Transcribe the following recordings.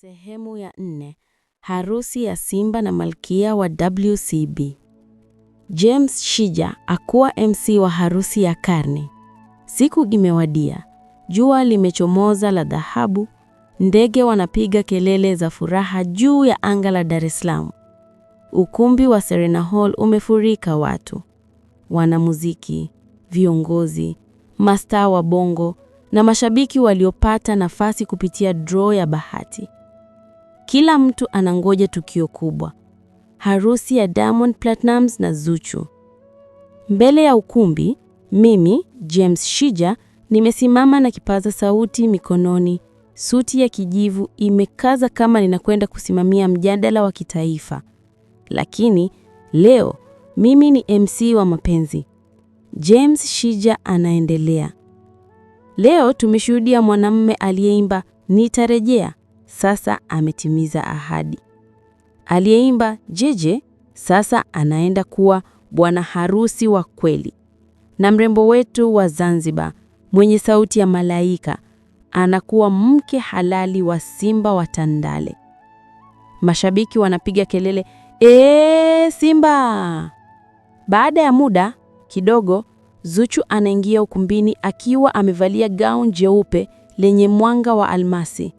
Sehemu ya nne: harusi ya Simba na Malkia wa WCB. James Shija akuwa MC wa harusi ya karne. Siku imewadia, jua limechomoza la dhahabu, ndege wanapiga kelele za furaha juu ya anga la Dar es Salaam. Ukumbi wa Serena Hall umefurika watu, wanamuziki, viongozi, mastaa wa Bongo na mashabiki waliopata nafasi kupitia draw ya bahati. Kila mtu anangoja tukio kubwa, harusi ya Diamond Platnumz na Zuchu. Mbele ya ukumbi, mimi James Shija nimesimama na kipaza sauti mikononi, suti ya kijivu imekaza kama ninakwenda kusimamia mjadala wa kitaifa. Lakini leo mimi ni MC wa mapenzi. James Shija anaendelea. Leo tumeshuhudia mwanamume aliyeimba nitarejea sasa ametimiza ahadi. Aliyeimba jeje sasa anaenda kuwa bwana harusi wa kweli, na mrembo wetu wa Zanzibar mwenye sauti ya malaika anakuwa mke halali wa Simba wa Tandale. Mashabiki wanapiga kelele ee, Simba! Baada ya muda kidogo, Zuchu anaingia ukumbini akiwa amevalia gauni jeupe lenye mwanga wa almasi.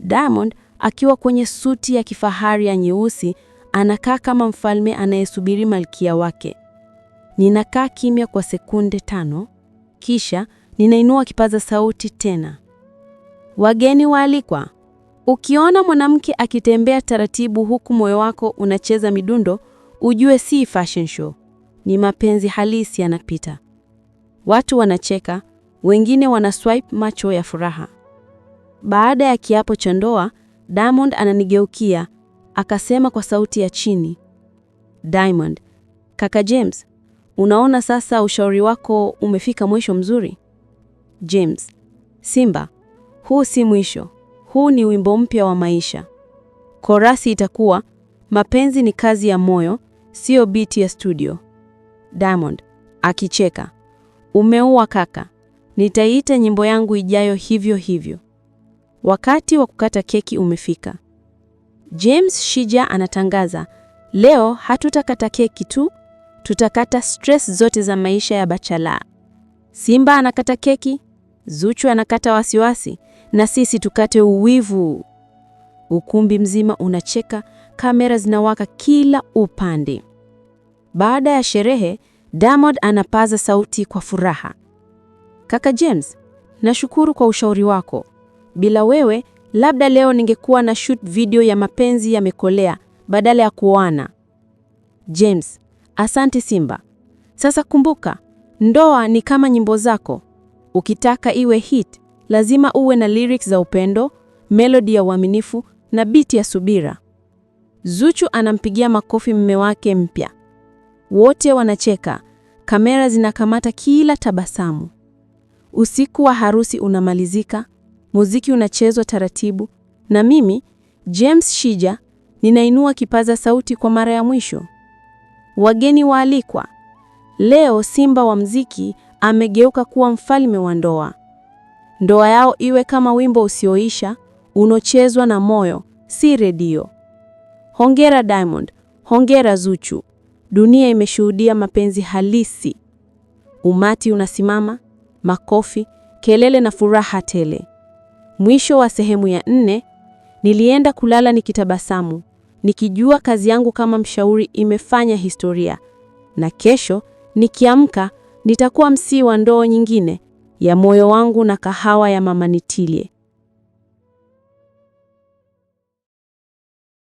Diamond akiwa kwenye suti ya kifahari ya nyeusi anakaa kama mfalme anayesubiri malkia wake. Ninakaa kimya kwa sekunde tano, kisha ninainua kipaza sauti tena. Wageni waalikwa, ukiona mwanamke akitembea taratibu huku moyo wako unacheza midundo, ujue si fashion show, ni mapenzi halisi yanapita. Watu wanacheka, wengine wanaswipe macho ya furaha. Baada ya kiapo cha ndoa, Diamond ananigeukia akasema kwa sauti ya chini, Diamond, kaka James, unaona sasa ushauri wako umefika mwisho mzuri? James, Simba, huu si mwisho, huu ni wimbo mpya wa maisha. Korasi itakuwa mapenzi ni kazi ya moyo, siyo biti ya studio. Diamond akicheka, umeua kaka, nitaiita nyimbo yangu ijayo hivyo hivyo. Wakati wa kukata keki umefika. James Shija anatangaza, leo hatutakata keki tu, tutakata stress zote za maisha ya bachala. Simba anakata keki, Zuchu anakata wasiwasi, na sisi tukate uwivu. Ukumbi mzima unacheka, kamera zinawaka kila upande. Baada ya sherehe, Damod anapaza sauti kwa furaha, kaka James, nashukuru kwa ushauri wako bila wewe, labda leo ningekuwa na shoot video ya mapenzi yamekolea badala ya kuoana. James, asante Simba. Sasa kumbuka, ndoa ni kama nyimbo zako. Ukitaka iwe hit, lazima uwe na lyrics za upendo, melody ya uaminifu na biti ya subira. Zuchu anampigia makofi mme wake mpya. Wote wanacheka, kamera zinakamata kila tabasamu. Usiku wa harusi unamalizika muziki unachezwa taratibu, na mimi James Shija ninainua kipaza sauti kwa mara ya mwisho. Wageni waalikwa, leo simba wa mziki amegeuka kuwa mfalme wa ndoa. Ndoa yao iwe kama wimbo usioisha unochezwa na moyo, si redio. Hongera Diamond, hongera Zuchu. Dunia imeshuhudia mapenzi halisi. Umati unasimama, makofi, kelele na furaha tele. Mwisho wa sehemu ya nne. Nilienda kulala nikitabasamu, nikijua kazi yangu kama mshauri imefanya historia, na kesho nikiamka nitakuwa msii wa ndoo nyingine ya moyo wangu na kahawa ya mama nitilie.